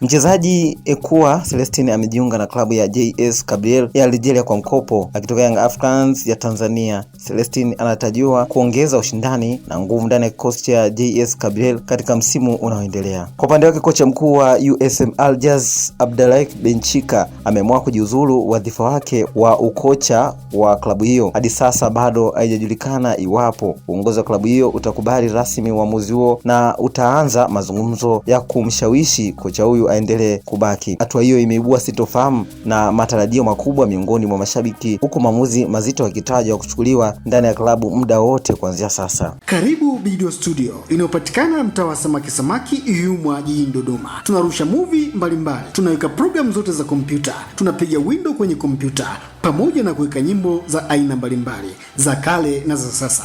Mchezaji Ekua Celestine amejiunga na klabu ya JS Kabylie ya Algeria kwa mkopo akitoka Young Africans ya Tanzania. Celestine anatarajiwa kuongeza ushindani na nguvu ndani ya kikosi cha JS Kabylie katika msimu unaoendelea. Kwa upande wake, kocha mkuu wa USM Alger Abdelrahim Benchika ameamua kujiuzulu wadhifa wake wa ukocha wa klabu hiyo. Hadi sasa bado haijajulikana iwapo uongozi wa klabu hiyo utakubali rasmi uamuzi huo na utaanza mazungumzo ya kumshawishi kocha huyu aendelee kubaki. Hatua hiyo imeibua sitofahamu na matarajio makubwa miongoni mwa mashabiki, huku maamuzi mazito yakitajwa kuchukuliwa ndani ya klabu muda wote kuanzia sasa. Karibu Video Studio inayopatikana mtaa wa samaki samaki, Yumwa, jijini Dodoma. Tunarusha movie mbalimbali, tunaweka programu zote za kompyuta, tunapiga window kwenye kompyuta pamoja na kuweka nyimbo za aina mbalimbali za kale na za sasa.